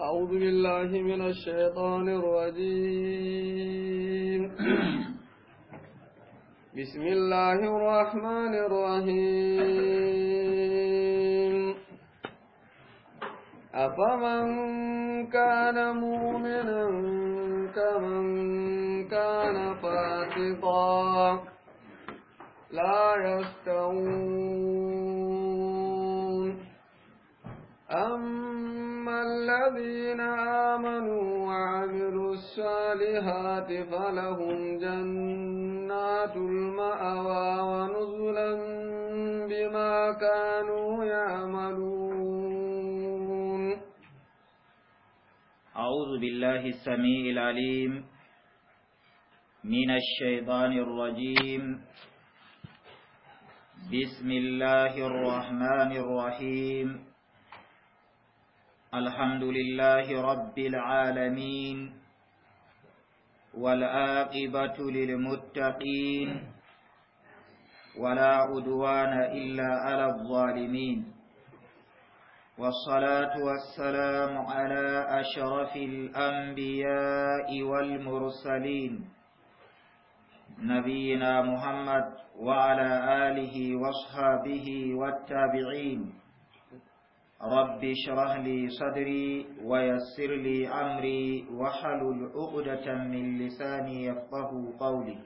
أعوذ بالله من الشيطان الرجيم بسم الله الرحمن الرحيم أفمن كان مؤمنا كمن كان فاسقا لا يستوون أم الذين آمنوا وعملوا الصالحات فلهم جنات المأوى ونزلا بما كانوا يعملون أعوذ بالله السميع العليم من الشيطان الرجيم بسم الله الرحمن الرحيم الحمد لله رب العالمين والآقبة للمتقين ولا عدوان إلا على الظالمين والصلاة والسلام على أشرف الأنبياء والمرسلين نبينا محمد وعلى آله واصحابه والتابعين رب اشرح لي صدري ويسر لي أمري واحلل عقدة من لساني يفقه قولي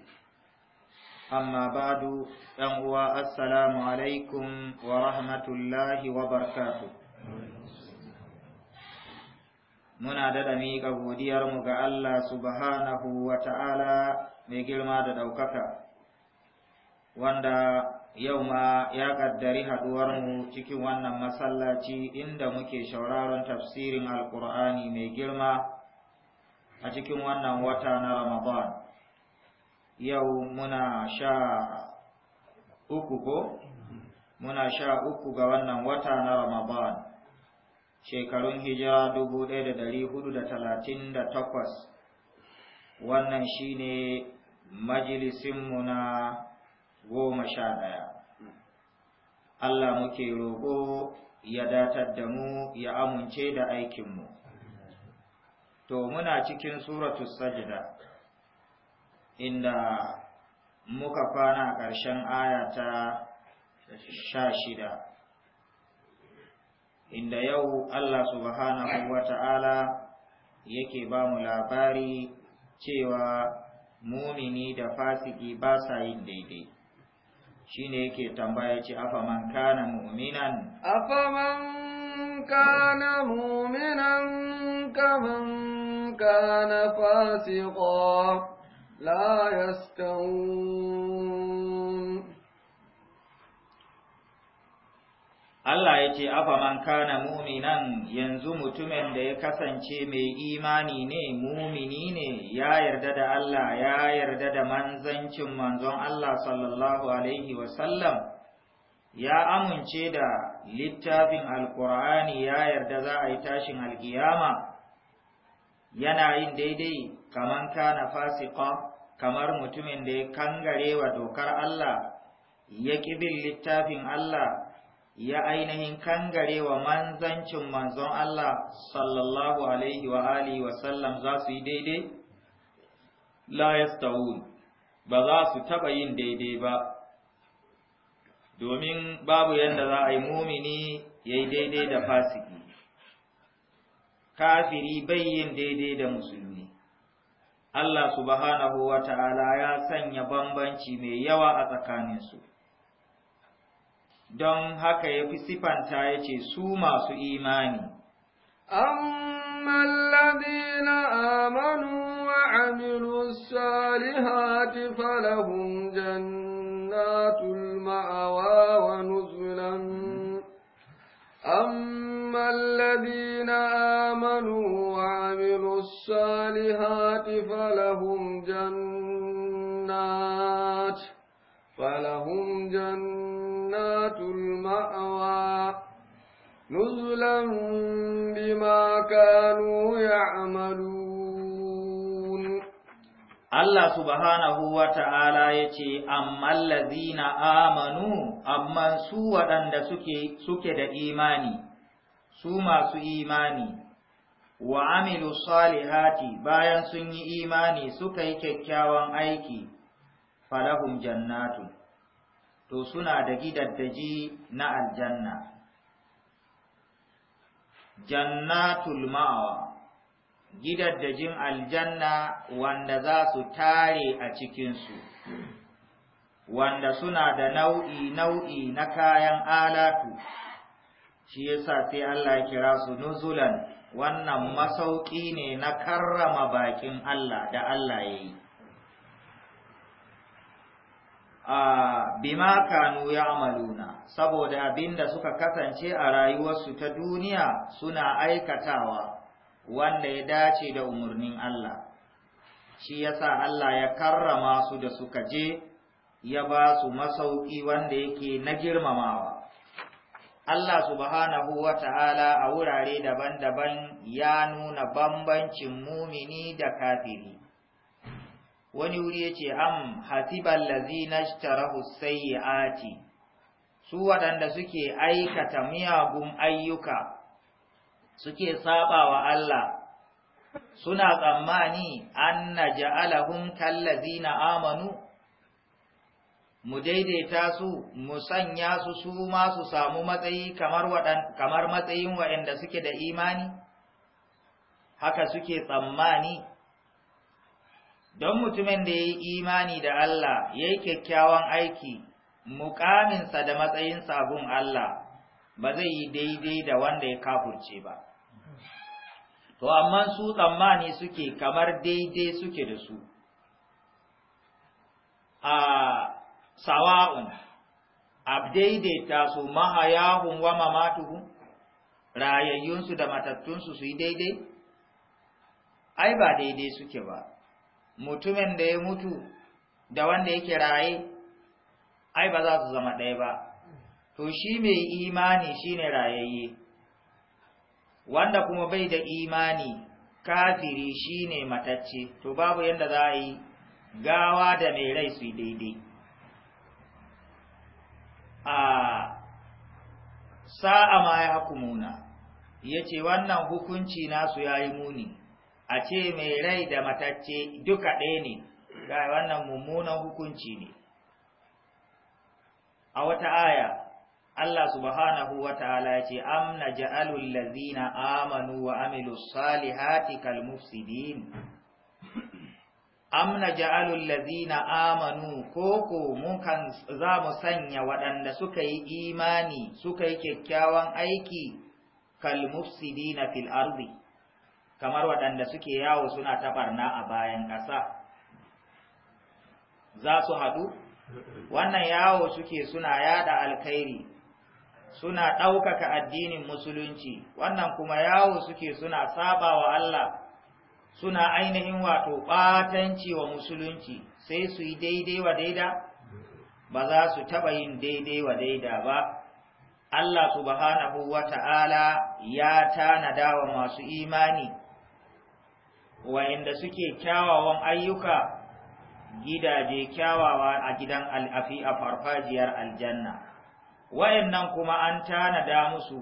أما بعد فهو السلام عليكم ورحمة الله وبركاته muna daɗa miƙa godiyarmu ga Allah subhanahu wa ta'ala mai girma da ɗaukaka, wanda yau ma ya kaddari mu cikin wannan masallaci inda muke shauraron tafsirin alkur'ani mai girma a cikin wannan wata na ramadan yau muna sha uku ko muna sha uku ga wannan wata na ramadan shekarun hijira dubu ɗaya da wannan shine majalisinmu na goma sha ɗaya Allah muke roƙo ya datar da mu ya amince da aikinmu to muna cikin suratu sajda inda muka kwana a ƙarshen aya sha shida inda yau Allah subhanahu wa ta'ala yake ba mu labari cewa mumini da fasiki ba sa yin daidai shine yake tambaya ce afaman kana mu'minan afaman kana mu'minan kaman kana fasiqan la yastawun Allah ya ce, man kana muminan yanzu mutumin da ya kasance mai imani ne, mumini ne, ya yarda da Allah, ya yarda da manzancin manzon Allah sallallahu Alaihi wasallam, ya amince da littafin Alƙur'ani ya yarda za a yi tashin alkiyama, yana yin daidai kaman kana fasiqa kamar mutumin da ya kangarewa dokar Allah, ya ƙi bin littafin Allah. ya ainihin kangare wa manzancin manzon Allah sallallahu alaihi wa alihi wa sallam za su yi daidai la yastawun ba za su taba yin daidai ba domin babu yadda za a yi mumini yi daidai da fasiki kafiri bai yin daidai da musulmi Allah subhanahu wa ta'ala ya sanya bambanci mai yawa a tsakaninsu don haka ya fi sifanta ya ce su masu imani. Amma ladina amanu wa amilu salihati falahun jannatul ma'awa wa nuzulan. أما الذين آمنوا وعملوا الصالحات فلهم جنات فلهم جنات المأوى نزلا بما كانوا يعملون الله سبحانه وتعالى يتي أما الذين آمنوا أما سوى أن سكد إيماني su masu imani wa amilu salihati bayan sun yi imani suka yi kyakkyawan aiki to suna da gidaddaji na aljanna jannatul ma'awa gidaddajin aljanna wanda za su tare a cikinsu wanda suna da nau'i nau'i na kayan alatu shi yasa sai Allah ya kira su nuzulan wannan masauki ne na karrama bakin Allah da Allah ya yi bima kanu ya maluna saboda abinda suka kasance a rayuwarsu ta duniya suna aikatawa wanda ya dace da umarnin Allah shi yasa Allah ya karrama su da suka je ya ba su masauki wanda yake na girmamawa Allah subhanahu wata'ala a wurare daban-daban ya nuna bambancin mumini da kafiri wani wuri yace am hasibal ladzina ishtarahu sayyiati su waɗanda suke aikata miyagun ayyuka suke wa Allah suna tsammani an na kallazina kallazi amanu, mu daidaita su, mu sanya su su ma su samu matsayi kamar matsayin waɗanda suke da imani, haka suke tsammani, don mutumin da ya yi imani da Allah ya yi kyakkyawan aiki mukaminsa da matsayin sabon Allah ba zai yi daidai da wanda ya kafurce ba to amma su tsammani suke kamar daidai suke da su a sawa'un abdaidaita su mahayahun wa mamatuhu rayayyunsu da matattunsu su yi daidai ai ba daidai suke ba mutumin da ya mutu da wanda yake raye ai ba za su zama ɗaya ba to shi mai imani shine rayayye wanda kuma bai da imani kafiri shine matacce to babu yadda za a yi gawa da mai rai su daidai a sa'a ma ya hukumuna ya ce wannan hukunci nasu ya yi muni a ce mai rai da matacce duka ɗaya ne ga wannan mummunan hukunci ne a wata aya Allah subhanahu wa ta'ala ce am naj'alul ladzina amanu wa amilus salihati kal mufsidin am naj'alul ladzina amanu koko mun kan za mu sanya waɗanda suka yi imani suka yi kyakkyawan aiki kal mufsidina fil ardi kamar waɗanda suke yawo suna taɓarna a bayan ƙasa za su haɗu wannan yawo suke suna yada alkhairi suna ɗaukaka addinin musulunci wannan kuma yawo suke suna saba wa Allah suna ainihin wato ɓatanci wa musulunci sai su yi daidai wa daida ba za su taɓa yin daidai wa daida ba Allah subhanahu wa ta'ala ya tanada wa masu imani wa'inda suke kyawawan ayyuka gidaje kyawawa a gidan al'afi a farfajiyar aljanna wayannan kuma an tanada musu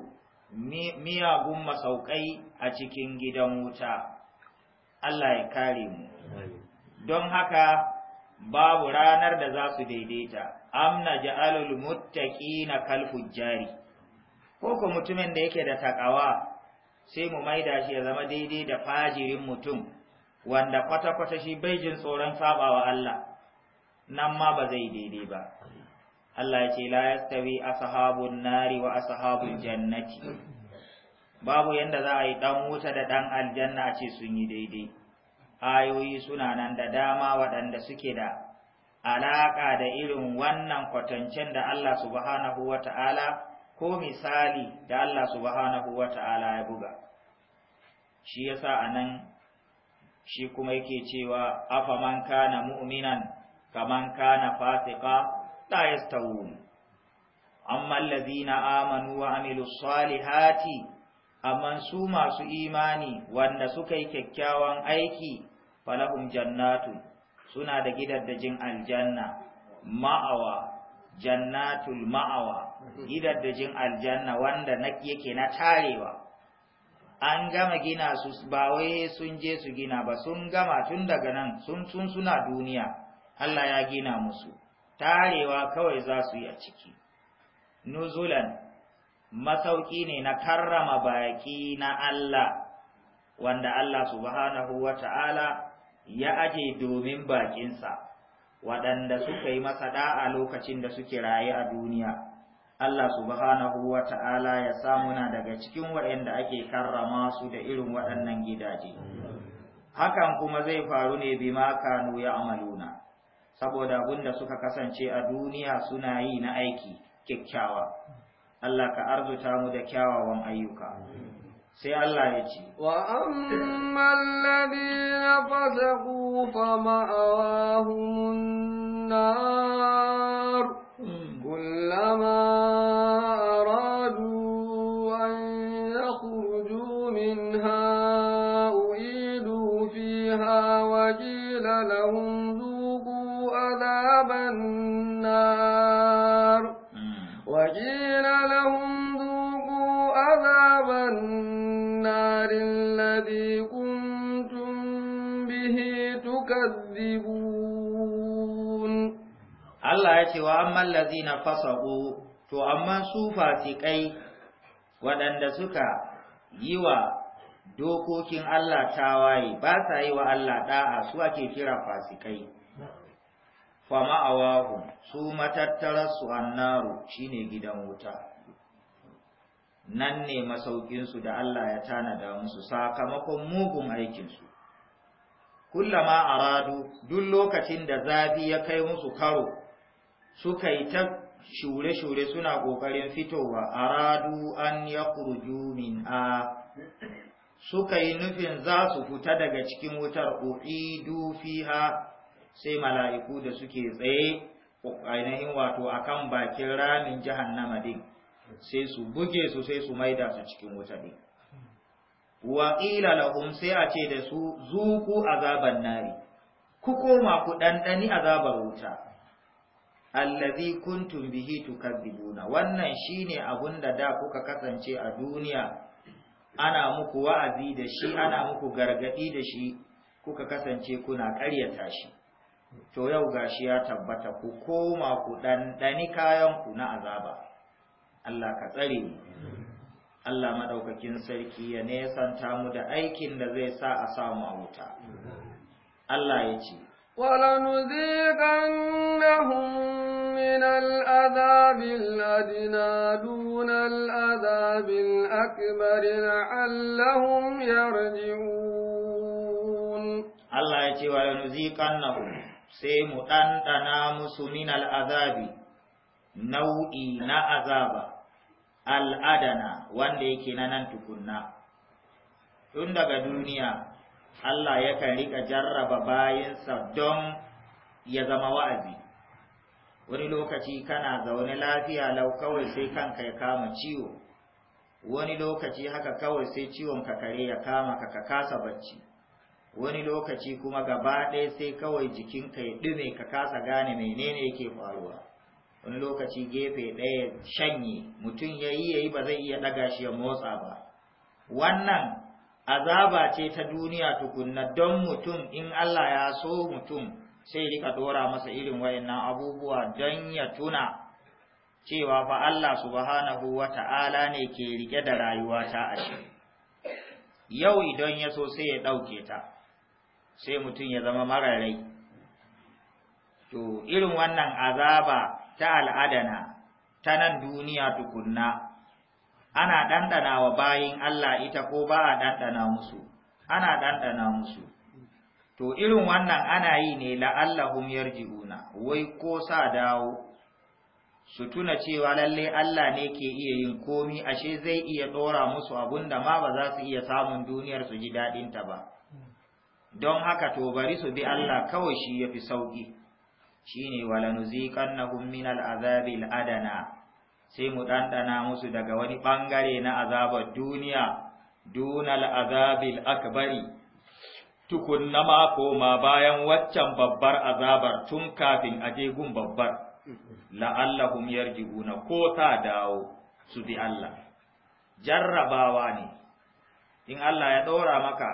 miyagun masaukai a cikin gidan wuta Allah ya kare mu don haka babu ranar da za su daidaita amna ja'alul muttaqina kal fujjari ko ko mutumin da yake da takawa sai mu maida shi ya zama daidai da fajirin mutum wanda kwata-kwata shi bai jin tsoron sabawa Allah nan ma ba zai daidai ba Allah ya ce la yastawi ashabun nari wa ashabul jannati babu yanda za a yi dan wuta da dan aljanna a ce sun yi daidai ayoyi suna nan da dama waɗanda suke da alaƙa da irin wannan kwatancen da Allah subhanahu wata'ala ko misali da Allah subhanahu wa ta'ala ya buga shi yasa nan shi kuma yake cewa afaman kana mu'minan kaman kana fasika la yastawun amma allazina amanu wa amilus salihati amma su masu imani wanda suka yi kyakkyawan aiki falahum jannatu suna da gidan jin aljanna ma'awa jannatul ma'awa gidaddajin aljanna wanda na yake na tarewa an gama gina su ba wai sun je su gina ba sun gama tun daga nan sun sun suna duniya Allah ya gina musu tarewa kawai za su yi a ciki nuzulan masauki ne na karrama baki na Allah wanda Allah subhanahu wa ta'ala ya aje domin bakinsa waɗanda suka yi masa da'a lokacin da suke raye a duniya Allah subhanahu wa ta'ala ya samuna daga cikin waɗanda ake karrama su da irin waɗannan gidaje. Hakan kuma zai faru ne bima kanu ya amaluna, saboda abinda suka kasance a duniya suna yi na aiki kyakkyawa. Allah ka arzuta mu da kyawawan ayyuka. sai Allah ya ce wa ya fasa kufa fa ma'awahum naru. كلما Allah ce wa amman lazina fasaku to amma su fasikai waɗanda suka yi wa dokokin Allah tawaye ba sa yi wa Allah ɗa'a su ake kira fasikai fama awahu su matattararsu annaru shine gidan wuta nan ne masaukinsu da Allah ya tanada musu sakamakon mugun aikinsu kullama aradu duk lokacin da zafi ya kai musu karo suka yi ta shure-shure suna ƙoƙarin fitowa a radu an ya min a suka yi nufin za su fita daga cikin wutar u'idu fiha sai mala'iku da suke tsaye ainihin wato akan bakin ramin jahannama din sai su buge su sai su maida su cikin wuta din wa lahum sai a ce da su zuku azaban nari ku koma ku dandani azabar wuta allazi kuntum bihi tukadzibuna wannan shine abun da da kuka kasance a duniya ana muku wa'azi da shi ana muku gargadi da shi kuka kasance kuna ƙaryata shi to yau gashi ya tabbata ku koma ku ɗanɗani kayan ku na azaba Allah ka tsare mu Allah madaukakin sarki ya nesanta mu da aikin da zai sa a samu a wuta Allah ya ce ولنذيقنهم من العذاب الأدنى دون العذاب الأكبر لعلهم يرجعون الله يتي ولنذيقنهم سيم أنتنا مسنين العذاب nau'i na azaba al'adana wanda yake na nan tukunna tun daga duniya Allah yakan rika jarraba bayansa don ya zama wa'azi wani lokaci kana zaune lafiya lau kawai sai kanka ya kama ciwo wani lokaci haka kawai sai ciwon ka kare ya kama ka ka kasa bacci wani lokaci kuma gaba ɗaya sai kawai jikinka ya ɗume ka kasa gane menene yake faruwa wani lokaci gefe ɗaya shanye mutum ya yi ya yi ba zai iya ɗaga shi ya motsa ba wannan azaba ce ta duniya tukunna don mutum in Allah ya so mutum sai rika dora masa irin wayannan abubuwa don ya tuna cewa fa Allah subhanahu wa ta'ala ne ke rike da rayuwa ta ashe yau idan ya so sai ya ɗauke ta sai mutum ya zama mararai to irin wannan azaba ta al'adana ta nan duniya tukunna ana ɗanɗana wa bayin Allah ita ko ba a ɗanɗana musu ana ɗanɗana musu to irin wannan ana yi ne la'allahum yarji'una wai ko sa dawo su tuna cewa lalle Allah ne ke iya yin komi ashe zai iya ɗora musu abunda ma ba za su iya samun duniyar su ji daɗinta ba don haka to bari su bi Allah kawai shi ya fi sauƙi shine walanuziqannahum min al'azabil adana sai mu ɗanɗana musu daga wani ɓangare na azabar duniya dunal azabil akbari tukunna ma koma bayan waccan babbar azabar tun kafin aje gun babbar la'allahum yarji'una ko ta dawo su bi Allah jarrabawa ne in Allah ya ɗora maka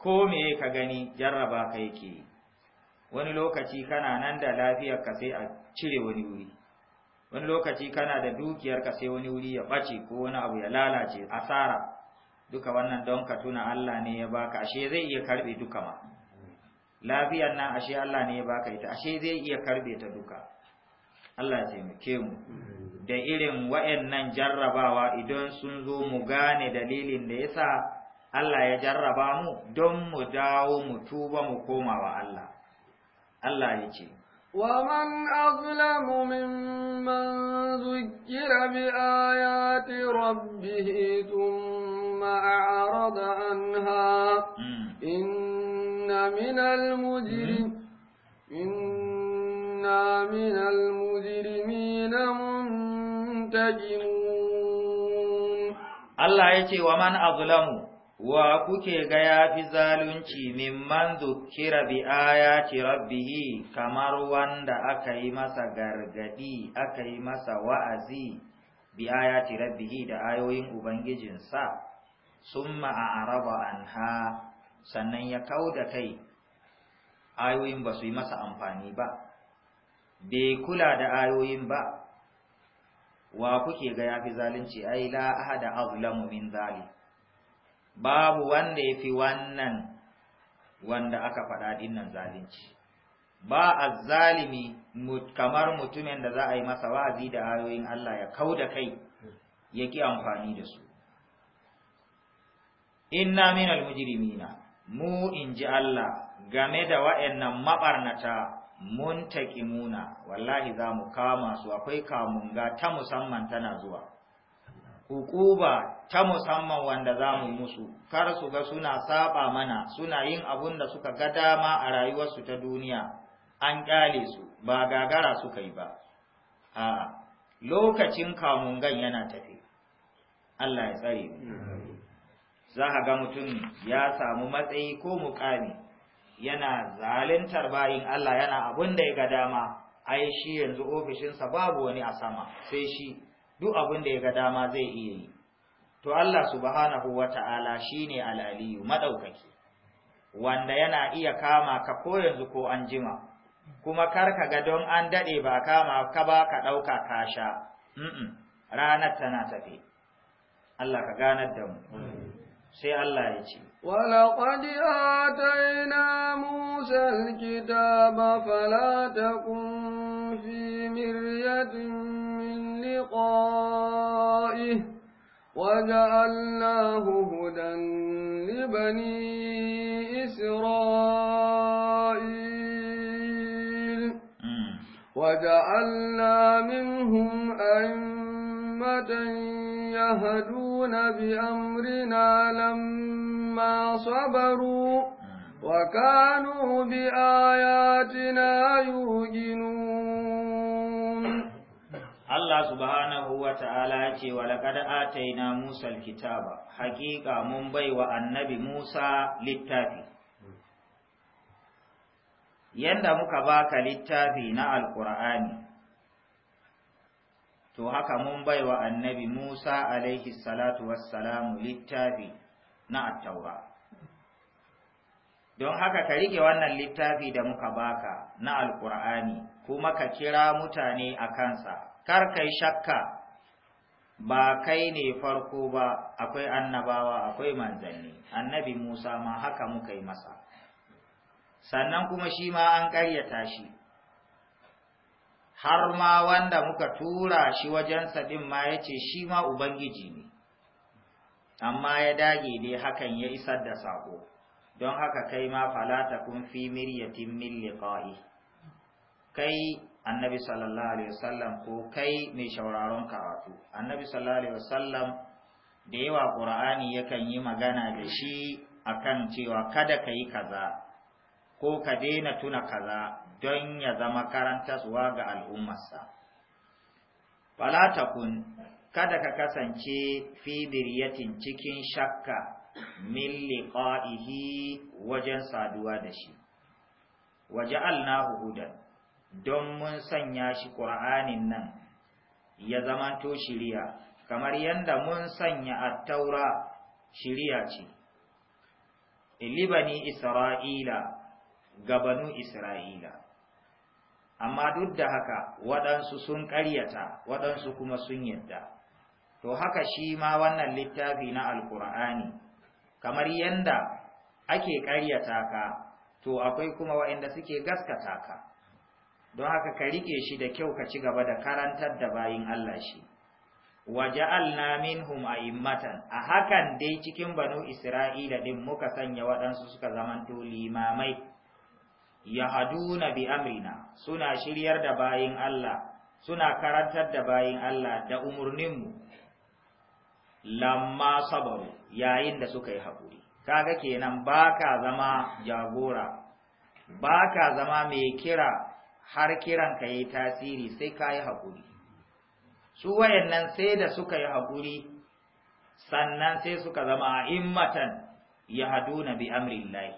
ko me ka gani jarraba ka yake wani lokaci kana nan da lafiyar ka sai a cire wani wuri wani lokaci kana da dukiyarka sai wani wuri ya ɓace ko wani abu ya lalace asara duka wannan don ka tuna Allah ne ya baka ashe zai iya karbe duka ma lafiyar nan ashe Allah ne ya baka ita ashe zai iya karbe ta duka Allah ya taimake mu da irin wa'annan jarrabawa idan sun zo mu gane dalilin da yasa Allah ya jarraba mu don mu dawo mu tuba mu koma wa Allah Allah ya ce ومن أظلم ممن ذكر بآيات ربه ثم أعرض عنها إن من المجرم إنا من المجرمين منتجمون الله يتي ومن أظلم wa kuke ga ya fi zalunci mimman zukira bi ayati rabbihi kamar wanda aka yi masa gargadi aka yi masa wa'azi bi ayati rabbihi da ayoyin ubangijinsa summa a'raba anha sannan ya kauda kai ayoyin ba su yi masa amfani ba bai kula da ayoyin ba wa kuke ga ya fi zalunci ai la ahada azlamu min zalim babu wanda ya fi wannan wanda aka faɗa dinnan zalunci ba azzalimi kamar mutumin da za a yi masa wa'azi da ayoyin Allah ya kau da kai ya ki amfani da su inna minal mujrimina mu in ji Allah game da wa'annan maɓarnata mun muna, wallahi za mu kama su akwai kamunga ta musamman tana zuwa hukuba ta musamman wanda za mu musu kar su ga suna saba mana suna yin abun da suka ga dama a rayuwarsu ta duniya an ƙyale su ba gagara suka yi ba a lokacin kamun gan yana tafi Allah ya tsare za a ga mutum ya samu matsayi ko muƙami, yana zalintar bayin Allah yana abun da ya ga dama ai shi yanzu ofishinsa babu wani a sama sai shi duk abin da ya ga dama zai iya yi to Allah subhanahu wata'ala shine alaliyu maɗaukaki. wanda yana iya kama ka ko yanzu ko an jima kuma kar ka ga don an daɗe ba kama ka ba ka dauka ka sha ranar tana tafi Allah ka ganar da mu sai Allah ya ce ولقد آتينا موسى الكتاب فلا تكن في مرية لقائه وجعلناه هدى لبني إسرائيل وجعلنا منهم أئمة يهدون بأمرنا لما صبروا وكانوا بآياتنا يوجنون Allah subhanahu wa ta'ala ce wa laqad ataina Musa kitaba, haqiqa mun bai wa annabi Musa littafi yanda muka baka littafi na Alƙur'ani, to haka mun bai wa annabi Musa alaihi salatu wassalamu littafi na attaura don haka ka rike wannan littafi da muka baka na Alƙur'ani kuma ka kira mutane a kansa kar kai shakka ba kai ne farko ba akwai annabawa akwai manzanni annabi Musa ma haka muka yi masa sannan kuma shi ma an ƙaryata shi har ma wanda muka tura shi wajensa ɗin ma ya ce shi ma Ubangiji ne amma ya dage dai hakan ya isar da sako, don haka kai ma falata kun fi miryatin min kai annabi sallallahu alaihi wasallam ko kai mai shauraron karatu annabi sallallahu alaihi wasallam da yawa qur'ani yakan yi magana da shi akan cewa kada ka yi kaza ko ka daina tuna kaza don ya zama karantaswa ga al'ummarsa fala takun kada ka kasance fi diriyatin cikin shakka min liqa'ihi wajen saduwa da shi waja'alnahu hudan don mun sanya shi ƙur'anin nan ya zama to shiriya kamar yadda mun sanya taura shiriya ce libani isra'ila gabanu isra'ila amma duk da haka waɗansu sun ƙaryata waɗansu kuma sun yadda to haka shi ma wannan littafi na alƙur'ani kamar yadda ake ƙaryata ka to akwai kuma waɗanda suke gaskata ka don haka ka rike shi da kyau ka ci gaba da karantar da bayin Allah shi wa ja'alna minhum a'immatan a hakan dai cikin banu isra'ila din muka sanya waɗansu suka zamanto limamai yahaduna bi amrina suna shiryar da bayin Allah suna karantar da bayin Allah da umurninmu lamma sabaru yayin da suka yi haƙuri kaga kenan baka zama jagora baka zama mai kira har kiran ka yi tasiri sai ka yi haƙuri su wayannan sai da suka yi haƙuri sannan sai suka zama a immatan ya na bi amrillahi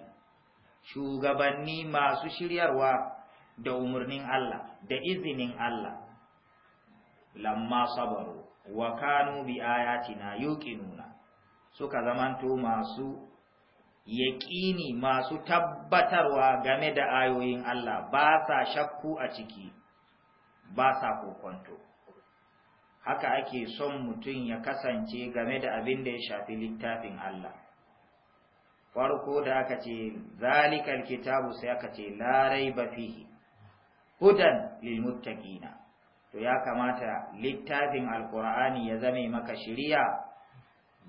shugabanni masu shiryarwa da umarnin Allah da izinin Allah lamma sabaru wa kanu bi ayatina yuqinuna suka zamanto masu yaƙini masu tabbatarwa game da ayoyin Allah ba sa shakku a ciki ba sa kokonto haka ake son mutum ya kasance game da abin da ya shafi littafin Allah farko da aka ce zalikal kitabu sai aka ce larai ba fihi hudan lilmuttaqina to ya kamata littafin alqur'ani ya zame maka shiriya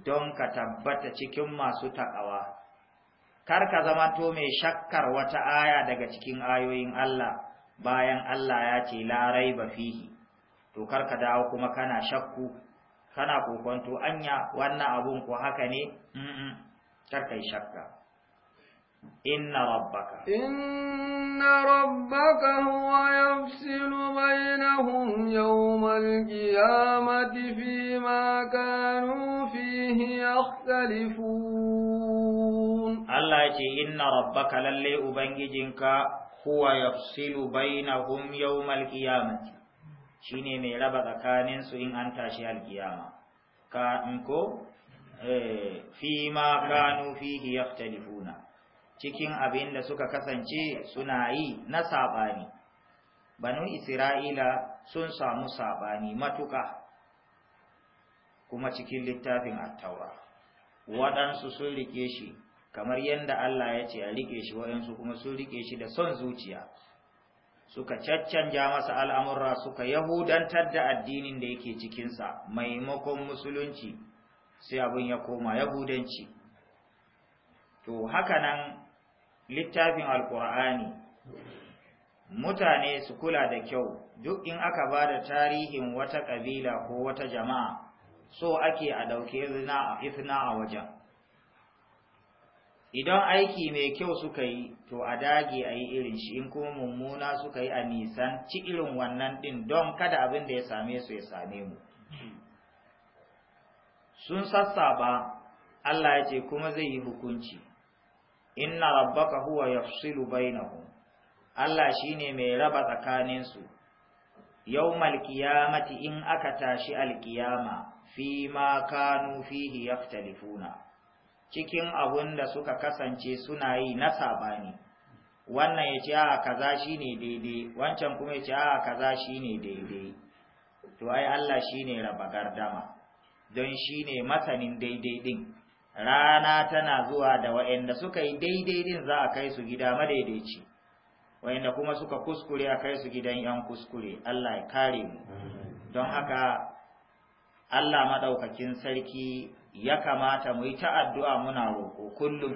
don ka tabbata cikin masu takawa kar ka zama to mai shakkar wata aya daga cikin ayoyin Allah bayan Allah ya ce la raiba fihi to kar ka dawo kuma kana shakku kana kokonto anya wannan abun ko haka ne mm, -mm. kar kai shakka inna rabbaka inna rabbaka huwa yafsilu bainahum yawmal qiyamati fima kanu fihi yakhtalifun Allah ya ce inna rabbaka lalle ubangijinka huwa yafsilu bainahum yawmal qiyamati shine mai raba tsakanin su in an tashi alkiyama ka in ko eh, fi ma kanu fihi yaftalifuna cikin abin da suka kasance suna yi na sabani banu isra'ila sun samu sabani matuka kuma cikin littafin at-taura waɗansu sun rike shi kamar yadda Allah ya ce a riƙe shi wayansu kuma sun rike shi da son zuciya suka caccanja masa al'amurra suka yahudantar da addinin da yake cikinsa maimakon musulunci sai abin ya koma yahudanci to haka nan littafin alkur'ani mutane su kula da kyau duk in aka ba da tarihin wata ƙabila ko wata jama'a so ake a ɗauke izina a wajen idan aiki mai kyau suka yi to a dage a yi irin shi in kuma mummuna suka yi a nisan ci irin wannan din don kada abin da ya same su ya same mu sun sassaba Allah ya ce kuma zai yi hukunci inna rabbaka huwa yafsilu bainahum Allah shi ne mai raba tsakanin su yawmal qiyamati in aka tashi alqiyama fi ma kanu fihi yaftalifuna cikin abun da suka kasance suna yi na sabani wannan ya ce a kaza shine daidai wancan kuma ya ce a kaza shine daidai to ai Allah shine raba gardama don shine masanin daidai din rana tana zuwa da waɗanda suka yi daidai din za a kai su gida madaidaici waɗanda kuma suka kuskure a kai su gidan yan kuskure Allah ya kare mu don haka Allah madaukakin sarki ya kamata mu yi ta addu'a muna roƙo kullum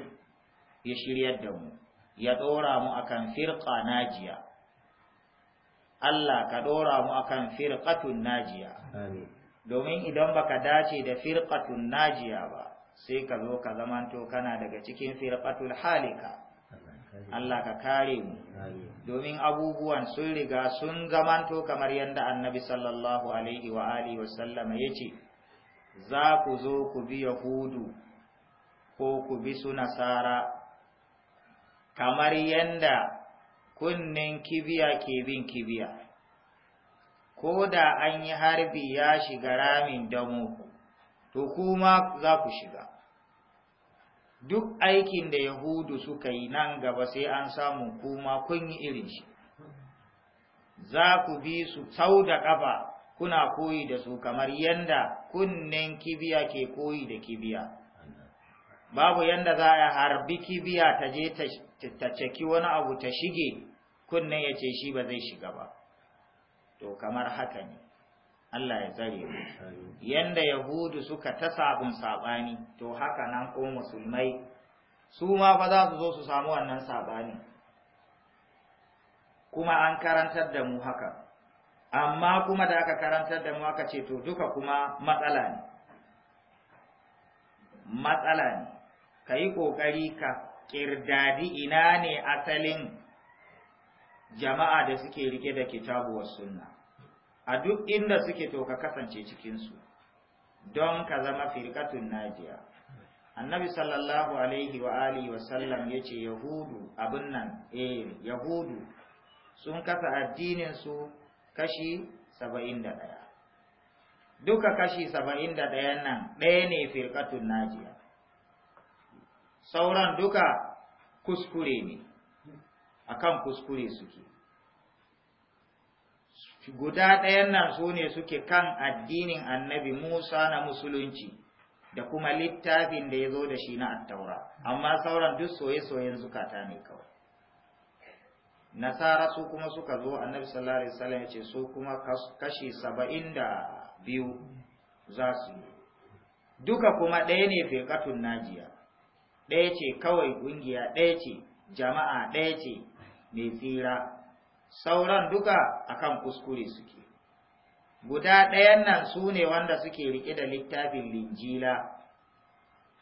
ya shirya da mu ya ɗora mu akan firqa najiya Allah ka ɗora mu akan firqatun najiya domin idan baka dace da firƙatun najiya ba sai ka zo ka zamanto kana daga cikin firqatul halika Allah ka kare mu domin abubuwan sun riga sun zamanto kamar yadda annabi sallallahu alaihi wa alihi wasallama ya ce za ku zo ku bi Yahudu ko ku bi su Nasara, kamar yanda kunnen kibiya ke bin kibiya, ko da an yi harbi ya shiga ramin damu, to kuma za ku shiga. Duk aikin da Yahudu suka yi nan gaba sai an samu kuma kun yi irin shi, za ku bi su sau da ƙafa kuna koyi da su kamar yanda kunnen kibiya ke koyi da kibiya babu yanda za a harbi kibiya ta je ta ceki wani abu ta shige kunnen ya ce shi ba zai shiga ba to kamar haka ne Allah ya tsare mu yanda yahudu suka ta sabun sabani to haka nan ko musulmai su ma fa za su zo su samu wannan sabani kuma an karantar da mu haka amma kuma da aka karantar da mu aka ce to duka kuma matsala ne matsala ne ka yi ƙoƙari ka ƙirdadi ina ne asalin jama'a da suke rike da kitabuwar sunna a duk inda suke to ka kasance cikinsu don ka zama firkatun najiya annabi sallallahu alaihi wa alihi wasallam ya ce yahudu abin nan eh yahudu sun kasa addininsu kashi saba'in da ɗaya duka kashi saba'in da ɗayan nan ɗaya ne firkatun najiya sauran duka kuskure ne akan kuskure suke guda ɗayan nan su ne suke kan addinin annabi musa na musulunci da kuma littafin da ya zo da shi na attaura amma sauran duk soye-soyen zukata ne kawai nasara su kuma suka zo annabi sallallahu alaihi wasallam yace su kuma kashi saba'in da biyu za su yi duka kuma ɗaya ne feƙatun najiya ɗaya ce kawai ƙungiya ɗaya ce jama'a ɗaya ce mai tsira sauran duka akan kuskure suke guda ɗayan nan su ne wanda suke riƙe da littafin linjila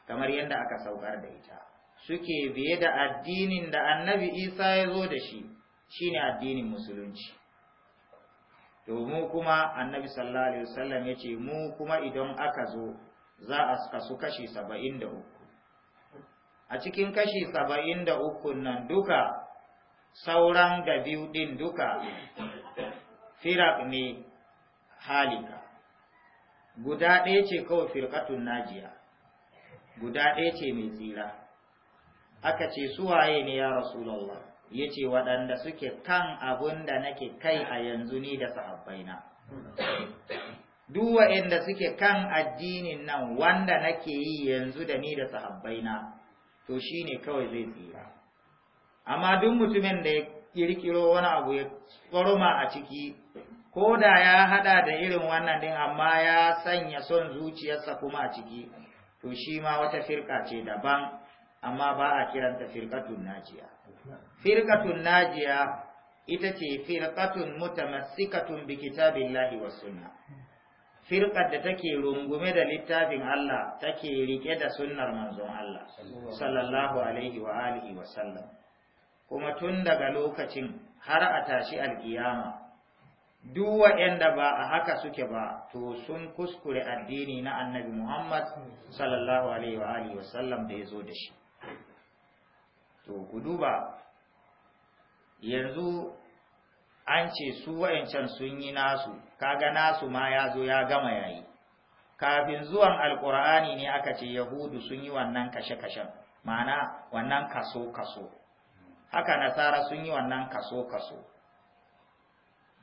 kamar yadda aka saukar da ita suke biye da addinin da annabi isa ya zo da shi shine addinin musulunci to mu kuma annabi sallallahu alaihi wasallam yace mu kuma idan aka zo za a kasu kashi 73 a cikin kashi 73 nan duka sauran da biyu din duka firak ne halika guda ɗaya ce kawai firkatun najiya guda ɗaya ce mai tsira aka ce suwaye ne ya rasulallah ya ce waɗanda suke kan abun da nake kai a yanzu ni da sahabbaina duk waɗanda suke kan addinin nan wanda nake yi yanzu da ni da sahabbaina to shine kawai zai tsira amma duk mutumin da ya kirkiro wani abu ya tsoroma a ciki ko da ya hada da irin wannan din amma ya sanya son zuciyarsa kuma a ciki to shi ma wata firka ce daban amma ba a kiranta firkatun najiya firqatun najiya ita ce firqatun mutamassikatun bi kitabillahi was sunna firqar da take rungume da littafin Allah take rike da sunnar manzon Allah sallallahu alaihi wa alihi wa sallam kuma tun daga lokacin har a tashi alkiyama duk waɗanda ba a haka suke ba to sun kuskure addini na annabi Muhammad sallallahu alaihi wa alihi sallam da ya zo da shi to ku duba yanzu an ce su wa'ancan sun yi nasu kaga nasu ma ya zo ya gama yayi kafin zuwan alkur'ani ne aka ce yahudu sun yi wannan kashe-kashen ma'ana wannan kaso-kaso haka nasara sun yi wannan kaso-kaso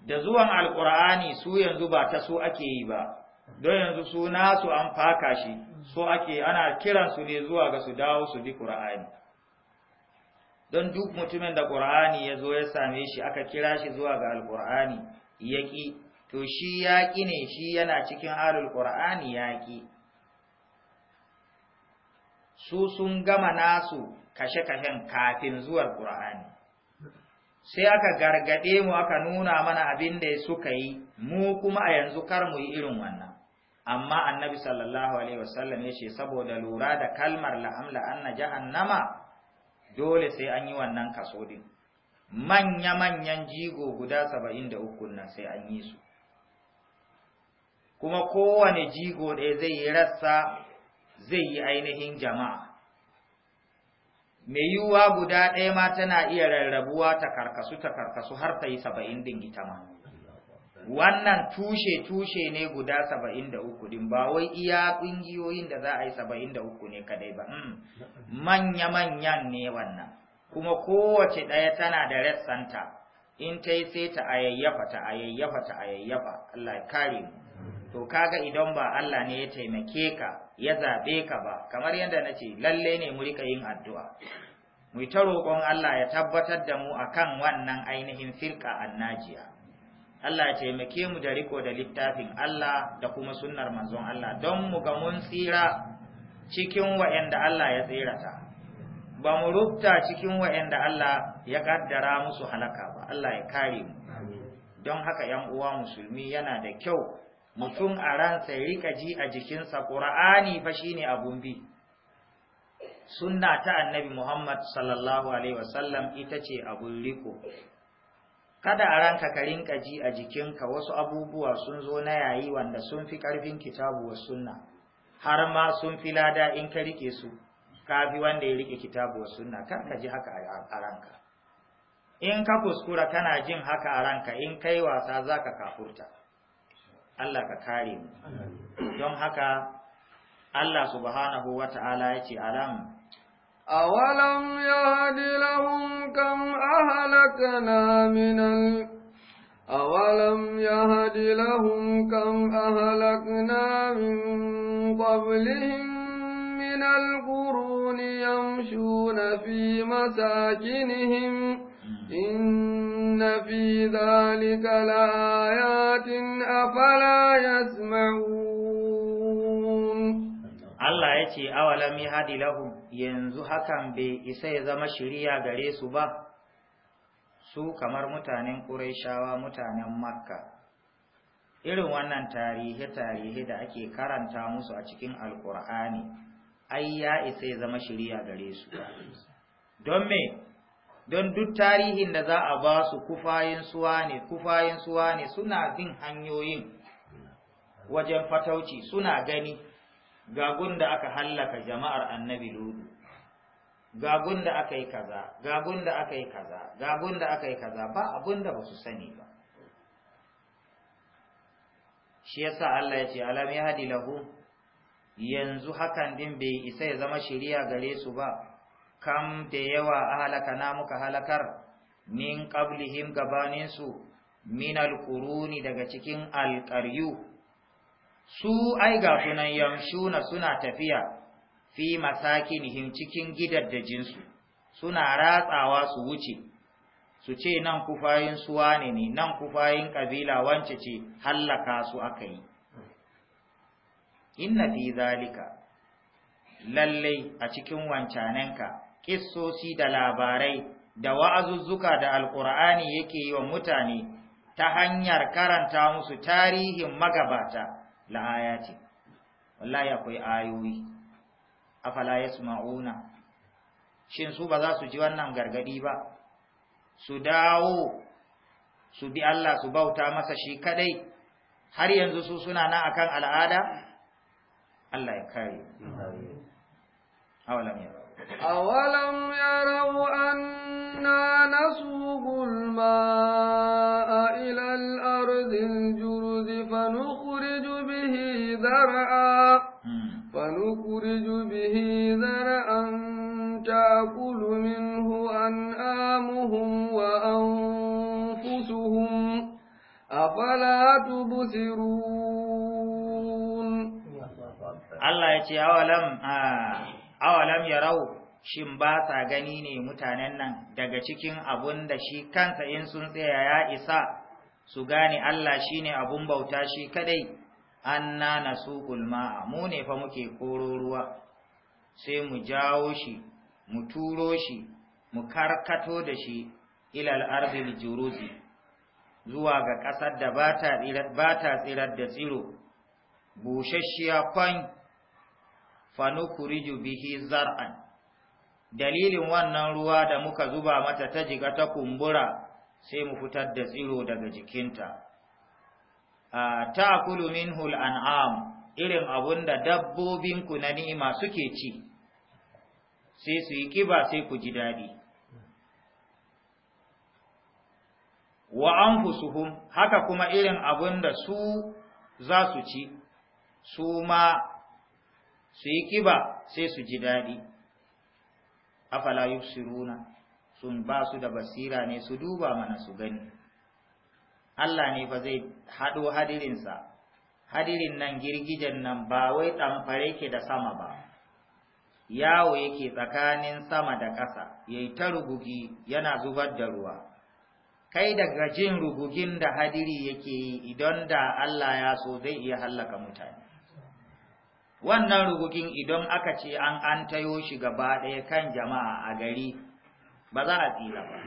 da zuwan alkur'ani su yanzu ba ta so ake yi ba don yanzu su nasu an faka shi so ake ana kiransu ne zuwa ga su dawo su bi ƙur'ani don duk mutumin da ƙur'ani ya zo ya same shi aka kira shi zuwa ga alƙur'ani yaƙi to shi yaƙi ne shi yana cikin halin ƙur'ani yaƙi su sun gama nasu kashe-kashen kafin zuwar ƙur'ani sai aka gargaɗe mu aka nuna mana abin da suka yi mu kuma a yanzu kar mu yi irin wannan amma annabi sallallahu alaihi wasallam ya ce saboda lura da kalmar la'amla anna jahannama dole sai an yi wannan kaso din manya-manyan jigo guda saba'in da ukun nan sai an yi su kuma kowane jigo ɗaya zai yi rassa zai yi ainihin jama'a mai yiwuwa guda ɗaya ma tana iya rarrabuwa ta karkasu ta karkasu har ta yi saba'in din ita ma wannan tushe-tushe ne guda saba'in da uku din ba wai iya ƙungiyoyin da za a yi saba'in da uku ne kadai ba mm. manya-manyan ne wannan kuma kowace ɗaya tana da rassanta in ta yi sai ta ayayyafa ta ayayyafa ta ayayyafa Allah kare mu to kaga idan ba Allah ne ya taimake ka ya zaɓe ka ba kamar yadda na ce lalle ne mu rika yin addu'a mu ta roƙon Allah ya tabbatar da mu akan wannan ainihin firka annajiya Allah ya taimake mu da riko da littafin Allah da kuma sunnar manzon Allah don mu ga mun tsira cikin wa'anda Allah ya tsirata ba mu rubta cikin wa'anda Allah ya kaddara musu halaka ba Allah ya kare mu don haka yan uwa musulmi yana da kyau mutum a ransa ya rika ji a jikinsa qur'ani fa shine abun bi sunna ta annabi Muhammad sallallahu alaihi wasallam ita ce abun riko kada a ranka ka rinka ji a jikinka wasu abubuwa sun zo na yayi wanda sun fi ƙarfin kitabu wa sunna har ma sun fi lada in ka rike su ka fi wanda ya rike kitabu wa sunna kar ka ji haka a ranka in ka kuskura kana jin haka a ranka in kai wasa za ka kafurta Allah ka kare mu don haka Allah subhanahu wa ta'ala ya ce alam أولم يهد لهم كم أهلكنا من ال... أولم يهد لهم كم أهلكنا من قبلهم من القرون يمشون في مساكنهم إن في ذلك لآيات أفلا يسمعون ya ce awalam hadi lahum yanzu hakan bai isa ya zama shiriya gare su ba su kamar mutanen ƙuraishawa mutanen makka irin wannan tarihe-tarihe da ake karanta musu a cikin alkur'ani ai ya isa ya zama shiriya gare su don me don duk tarihin da za a ba su kufayin suwa ne kufayin suwa ne suna bin hanyoyin wajen fatauci suna gani ga gunda aka hallaka jama'ar annabi ludu ga gunda aka yi kaza ga gunda aka yi kaza ga gunda aka yi kaza ba abunda ba su sani ba shi yasa Allah ya ce alam ya hadi lahu yanzu hakan din bai isa ya zama shiriya gare su ba kam da yawa ahalaka na muka halakar min qablihim gabanin su min alquruni daga cikin alqaryu su ai ga sunan yamshuna suna tafiya fi masakinihim cikin gidaddajinsu suna ratsawa su wuce su ce nan kufayin suwa ne ne nan kufayin kabila wance ce hallaka su aka yi inna fi zalika lallai a cikin wancanenka kissosi da labarai da wa'azuzzuka da alkur'ani yake yi wa mutane ta hanyar karanta musu tarihin magabata la'ayati wallahi akwai ayoyi afala yasma'una shin su ba za su ji wannan gargadi ba su dawo su bi Allah su bauta masa shi kadai har yanzu su suna nan akan al'ada Allah ya kare awalam ya awalam yarau anna nasuqul ma'a ila al ardh زرعا فنخرج به زرعا تأكل منه أنآمهم وأنفسهم أفلا تبصرون الله يتي أولم أولم يروا shin ba sa gani ne mutanen nan daga cikin abun da shi kansa in sun tsaya ya isa su gane Allah shi ne abun bauta shi kadai anna nasuqul ma'a mu ne fa muke koro ruwa sai mu jawo shi mu turo shi mu karkato da shi ilal ardil juruzi zuwa ga ƙasar da ba ta tsirar da tsiro bushashiya kwan fanukuriju bihi zar'an dalilin wannan ruwa da muka zuba mata ta jiga ta kumbura sai mu fitar da tsiro daga jikinta ta ah, ta'kulu minhu an'am irin abun da dabbobinku na ni'ima suke ci sai su yi kiba sai ku ji daɗi wa anfusuhum haka kuma irin abun da su za su ci su ma su yi kiba sai su ji daɗi afala yusiruna sun ba su da basira ne su duba mana su gani Allah ne fa zai haɗo hadirinsa hadirin nan girgijen nan ba wai ɗamfare ke da sama ba yawo yake tsakanin sama da ƙasa ya yi ta rugugi yana zubar da ruwa kai daga jin rugugin da hadiri yake yi idan da Allah ya so zai iya hallaka mutane wannan rugugin idan aka ce an an tayo shi gaba ɗaya kan jama'a a gari ba za a tsira ba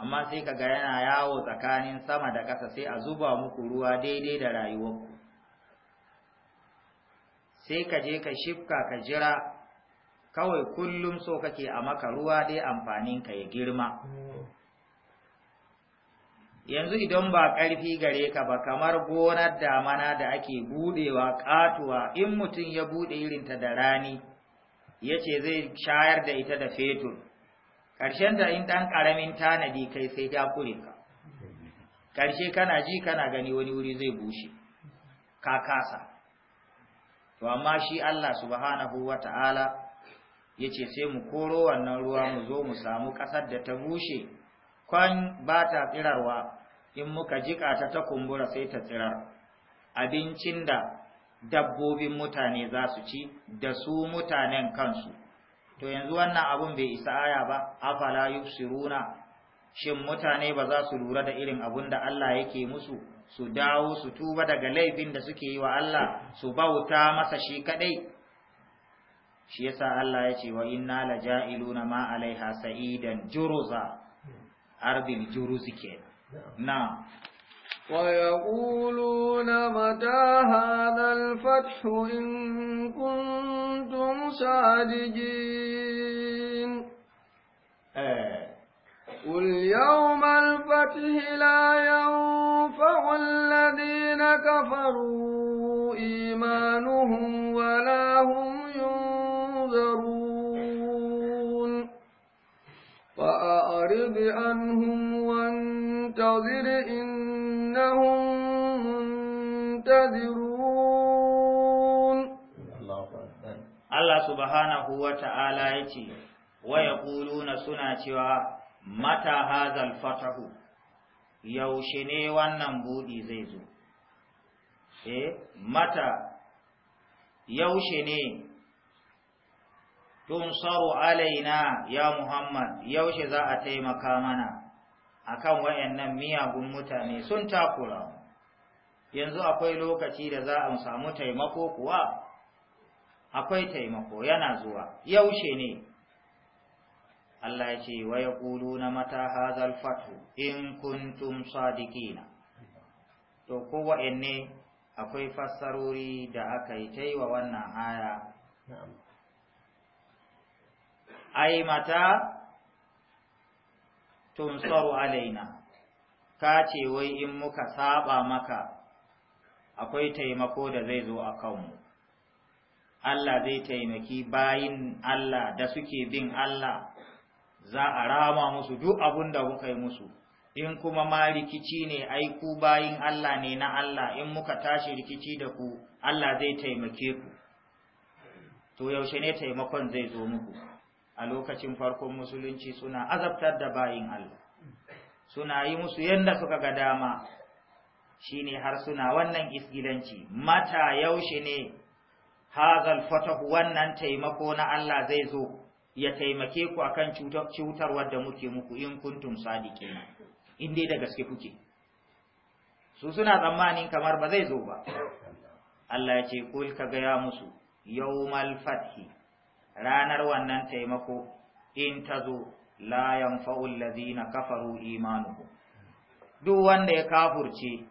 amma sai ka ga yana yawo tsakanin sama da ƙasa sai a zuba muku ruwa daidai da rayuwarku sai ka je ka shifka ka jira kawai kullum so kake a maka ruwa dai amfaninka ya girma yanzu idan ba ƙarfi gare ka ba kamar gonar damana da ake buɗewa ƙatuwa in mutum ya buɗe irinta da rani ya ce zai shayar da ita da fetur ƙarshen da in ɗan ƙaramin tanadi kai sai ta ka ƙarshe kana ji kana gani wani wuri zai bushe ka kasa to amma shi Allah subhanahu wa ta'ala ya ce sai mu koro wannan ruwa mu zo mu samu ƙasar da ta bushe kwan ba ta tsirarwa in muka jika ta ta kumbura sai ta tsirar abincin da dabbobin mutane za su ci da su mutanen kansu to yanzu wannan abun bai isa aya ba afala yusiruna shin mutane ba za su lura da irin abun da Allah yake musu su dawo su tuba daga laifin da suke yi wa Allah su bauta masa shi kadai shi yasa Allah ya ce wa inna laja'iluna ma alaiha sa'idan juruza ardil juruzi kenan na ويقولون متى هذا الفتح إن كنتم صادقين قل يوم الفتح لا ينفع الذين كفروا إيمانهم ولا هم ينذرون فأعرض عنهم وانتظر إن فهم منتظرون الله سبحانه waya يتي ويقولون سنة متى هذا الفتح يوشني wannan buɗi zai zo E? mata yaushe ne tunsaru alaina ya Muhammad yaushe za a taimaka mana akan wayannan miyagun mutane sun takura yanzu akwai lokaci da za a samu taimako kuwa akwai taimako yana zuwa yaushe ne Allah ya ce wa yaquluna mata hadzal fathu in kuntum sadiqina to ko wayanne akwai fassarori da aka yi wa wannan aya ai mata tunsaru alaina ka ce wai in muka saba maka akwai taimako da zai zo a kanmu Allah zai taimaki bayin Allah da suke bin Allah za a rama musu duk abun da kuka yi musu in kuma ma rikici ne ai ku bayin Allah ne na Allah in muka tashi rikici da ku Allah zai taimake ku to yaushe ne taimakon zai zo muku a lokacin farkon musulunci suna azabtar da bayin Allah suna yi musu yadda suka ga dama shine har suna wannan isgilanci mata yaushe ne hazal fatahu wannan taimako na Allah zai zo ya taimake ku akan cutar wadda muke muku in kuntum sadiqin in dai da gaske kuke su suna tsammanin kamar ba zai zo ba Allah ya ce kul ka gaya musu yawmal fathi ranar wannan taimako in ta zo la yanfa'ul kafaru imanuhu duk wanda ya kafurce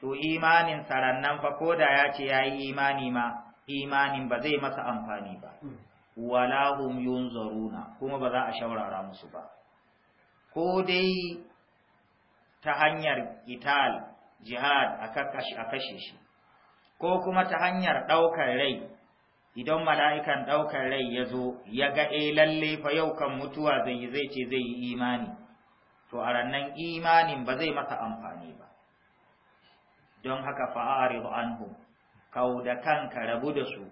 to imanin sarannan fa ko da ya ce yayi imani ma imanin ba zai masa amfani ba wala hum yunzaruna kuma ba za a shaurara musu ba ko dai ta hanyar ital jihad a kashe shi ko kuma ta hanyar ɗaukar rai idan mala'ikan ɗaukar rai ya zo ya ga e lalle fa yau kan mutuwa zai zai ce zai yi imani to a rannan imanin ba zai masa amfani ba don haka fa'ari anhu kau da kanka rabu da su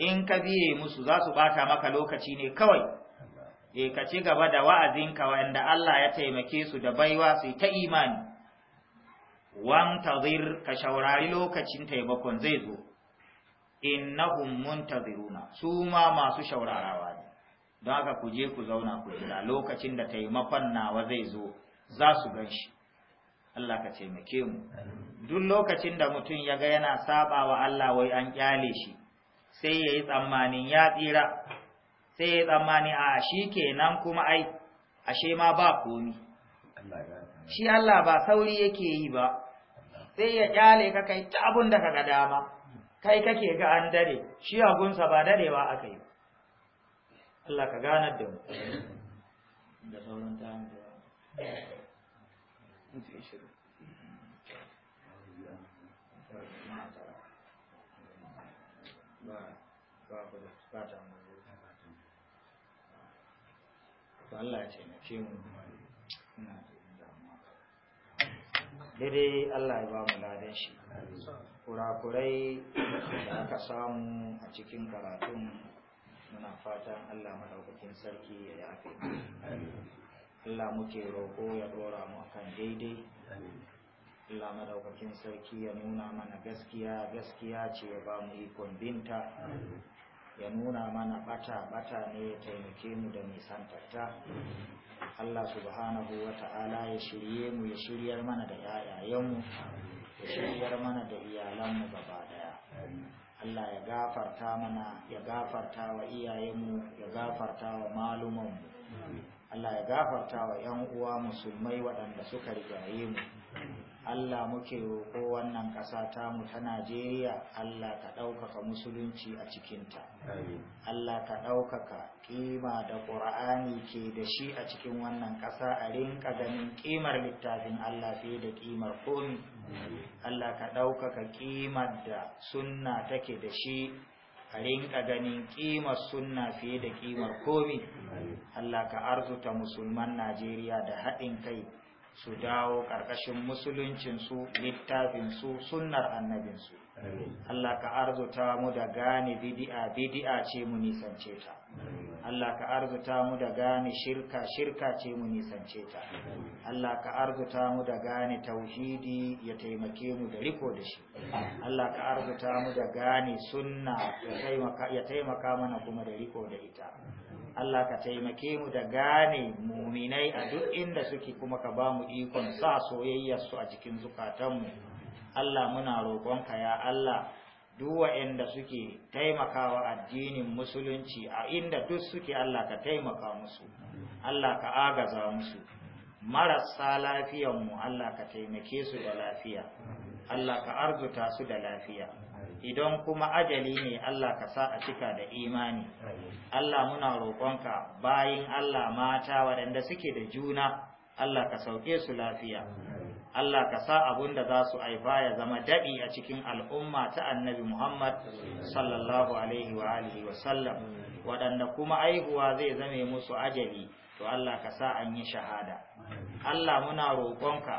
in ka biye musu za su bata maka lokaci ne kawai e ka ci gaba da wa'azinka wanda Allah ya taimake su da baiwa su ta imani wantazir ka shaurari lokacin taimakon zai zo innahum muntaziruna su ma masu shaurarawa ne don haka ku je ku zauna ku jira lokacin da taimakon nawa zai zo za su gan shi Allah ka taimake mu duk lokacin da mutum ya ga yana sabawa Allah wai an kyale shi sai ya yi tsammanin ya tsira sai ya yi tsammanin a shi kenan kuma ai ashe ma ba komi shi Allah ba sauri yake yi ba sai ya kyale ka kai ta abun da ka ga dama kai kake ga an dare shi agunsa ba darewa aka yi Allah ka ganar da mu da sauran ta Allah ya ce na ce mu daidai Allah ya ba mu ladan shi kurakurai da aka samu a cikin karatun muna fatan Allah maɗaukakin sarki ya yafe Allah muke roƙo ya ɗora mu akan daidai Allah maɗaukakin sarki ya nuna mana gaskiya gaskiya ce ya ba mu ikon binta ya nuna mana bata bata ne ya taimake mu da nisantarta Allah subhanahu wa ta'ala ya shirye mu ya shiryar mana da 'ya'yayenmu ya mana da iyalanmu gaba daya Allah ya gafarta mana ya gafarta wa iyayenmu ya gafarta wa malumanmu Allah ya gafarta wa 'yan uwa musulmai waɗanda suka rigaye mu Allah muke roƙo wannan ƙasa mu ta Najeriya Allah ka ɗaukaka musulunci a cikinta. Allah ka ɗaukaka ƙima da ƙura'ani ke da shi a cikin wannan ƙasa a rinka ganin ƙimar littafin Allah fiye da ƙimar komi. Allah ka ɗaukaka ƙimar da sunna take da shi a rinka ganin ƙimar sunna fiye da ƙimar komi. Allah ka arzuta musulman Najeriya da haɗin kai su dawo ƙarƙashin musuluncinsu littafinsu sunnar annabinsu Allah ka arzuta mu da gane bidi'a bidi'a ce mu nisance ta Allah ka arzuta mu da gane shirka shirka ce mu nisance ta Allah ka arzuta mu da gane tauhidi ya taimake mu da riko da shi Allah ka arzuta mu da gane sunna ya taimaka mana kuma da riko da ita Allah ka taimake mu da gane muminai a duk inda suke kuma ka ba mu ikon sa su a cikin zukatanmu Allah muna roƙonka ya Allah duk inda suke taimakawa addinin musulunci a inda duk suke Allah ka taimaka musu Allah ka agaza musu marasa lafiyanmu Allah ka taimake su da lafiya Allah ka arzuta su da lafiya idan kuma ajali ne Allah ka sa a cika da imani Allah muna roƙonka bayin Allah mata waɗanda suke da juna Allah ka sauke su lafiya Allah ka sa abun da za su haifa ya zama daɗi a cikin al'umma ta annabi Muhammad sallallahu alaihi wa alihi wa sallam waɗanda kuma aihuwa zai zame musu ajali to Allah ka sa an yi shahada Allah muna roƙonka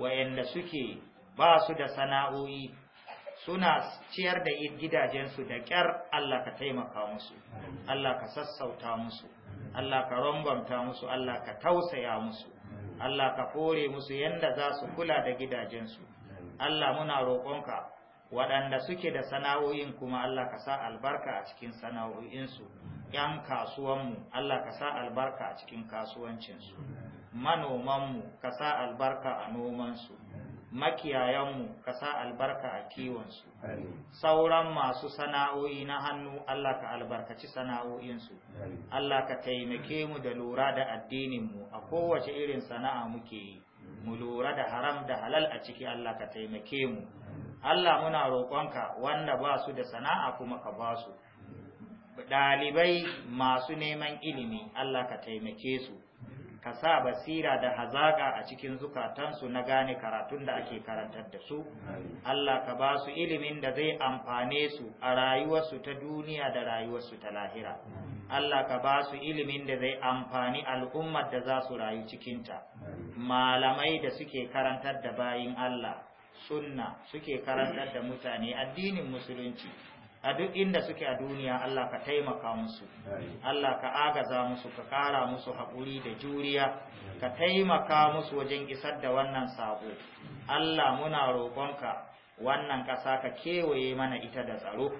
wayanda suke ba su da sana'o'i suna ciyar da gidajensu da ƙyar Allah ka taimaka musu, Allah ka sassauta musu, Allah ka rangonta musu, Allah ka tausaya musu, Allah ka kore musu yadda za su kula da gidajensu. Allah muna roƙonka waɗanda suke da sana'o'in kuma Allah ka sa albarka a cikin sana'o'insu, ‘yan kasuwanmu Allah ka sa albarka a cikin kasuwancinsu, manomanmu ka sa albarka a nomansu. makiyayanmu ka sa albarka a kiwonsu sauran masu sana'o'i na hannu Allah ka albarkaci sana'o'insu Allah ka taimake mu da lura da addininmu a kowace irin sana'a muke yi mu lura da haram da halal a ciki Allah ka taimake mu Allah muna roƙonka wanda ba su da sana'a kuma ka ba su ɗalibai masu neman ilimi Allah ka taimake su ka sa basira da hazaka a cikin zukatansu na gane karatun da ake karantar da su Allah ka ba su ilimin da zai amfane su a rayuwarsu ta duniya da rayuwarsu ta lahira Allah ka ba su ilimin da zai amfani al'ummar da za su rayu cikinta malamai da suke karantar da bayin Allah sunna suke karantar da mutane addinin musulunci a duk inda suke a duniya Allah ka taimaka musu Allah ka agaza musu ka kara musu haƙuri da juriya ka taimaka musu wajen isar da wannan sabo. Allah muna roƙonka wannan ƙasa ka kewaye mana ita da tsaro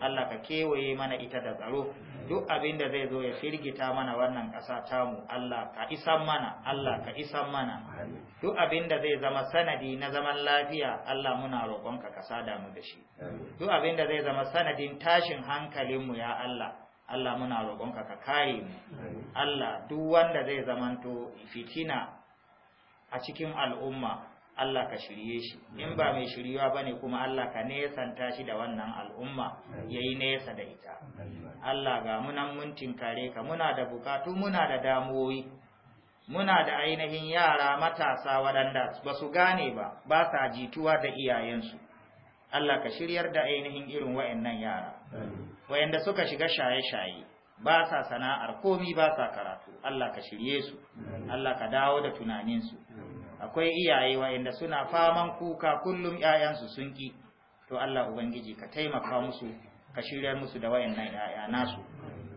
Allah ka kewaye mana ita da tsaro duk abin da zai zo ya firgita mana wannan ƙasa tamu Allah ka isan mana Allah ka isan mana duk abin da zai zama sanadi na zaman lafiya Allah muna roƙonka ka da mu da shi duk abin da zai zama sanadin tashin hankalinmu ya Allah Allah muna roƙonka ka kare mu Allah duk wanda zai zamanto fitina a cikin al'umma Allah ka shirye shi in ba mai ba bane kuma Allah ka nesanta shi da wannan al'umma yayi nesa da ita Allah ga munan mun tinkare ka muna da bukatu muna da damuwoyi muna da ainihin yara matasa waɗanda ba su gane ba ba sa jituwa da iyayensu Allah ka shiryar da ainihin irin wa'annan yara wa'anda suka shiga shaye-shaye ba sa sana'ar komi ba sa karatu Allah ka shirye su Allah ka dawo da tunaninsu akwai iyaye wa'inda suna faman kuka kullum ‘ya'yansu sun ki, to Allah Ubangiji ka taimaka musu, ka shirya musu da wa'innan ‘ya'ya nasu.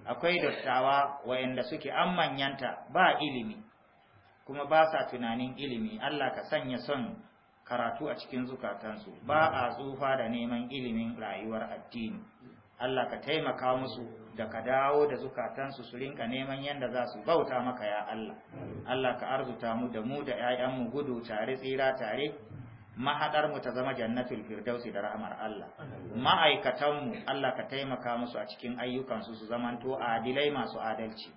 Akwai dattawa wa'inda suke an manyanta ba ilimi, kuma ba sa tunanin ilimi, Allah ka sanya son karatu a cikin zukatansu, ba a tsufa da neman ilimin rayuwar addini. Allah ka taimaka musu. da ka dawo da zukatansu su rinka neman yadda za su bauta maka ya Allah Allah ka arzuta mu da mu da 'ya'yanmu gudu tare tsira tare mahaɗarmu ta zama jannatul firdausi da rahmar Allah ma'aikatan Allah ka taimaka musu a cikin ayyukansu su su zamanto adilai masu adalci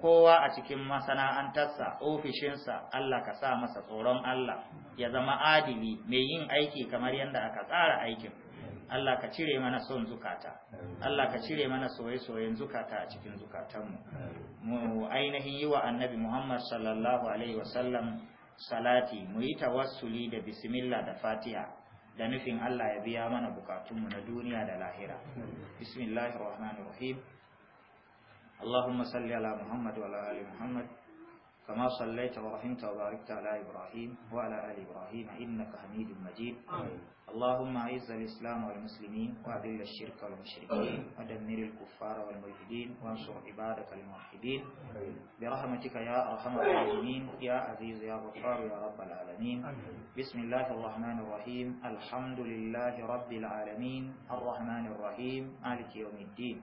kowa a cikin masana'antarsa ofishinsa Allah ka sa masa tsoron Allah ya zama adili mai yin aiki kamar yadda aka tsara aikin Allah ka cire mana son zukata Allah ka cire mana soye-soyen zukata a cikin zukatanmu mu ainihin yi wa annabi Muhammad sallallahu alaihi wasallam salati mu yi tawassuli da bismillah da fatiha da nufin Allah ya biya mana bukatunmu na duniya da lahira bismillahir rahmanir كما صليت ورحمت وباركت على إبراهيم وعلى آل إبراهيم إنك حميد مجيد آمين. اللهم أعز الإسلام والمسلمين وأذل الشرك والمشركين ودمر الكفار والملحدين وانصر عبادك الموحدين برحمتك يا أرحم الراحمين يا عزيز يا غفار يا رب العالمين بسم الله الرحمن الرحيم الحمد لله رب العالمين الرحمن الرحيم مالك يوم الدين